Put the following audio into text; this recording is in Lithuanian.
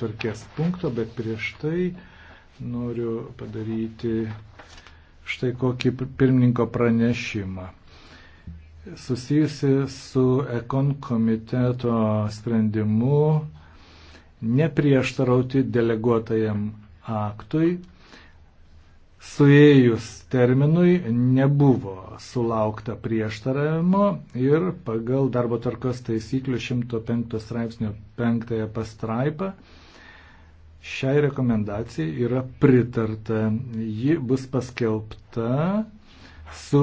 turkės punkto, bet prieš tai noriu padaryti štai kokį pirmininko pranešimą. Susijusi su Ekon komiteto sprendimu neprieštarauti deleguotajam aktui suėjus terminui nebuvo sulaukta prieštaravimo ir pagal darbo tarkos taisyklių 105 straipsnio 5 pastraipą šiai rekomendacijai yra pritarta. Ji bus paskelbta su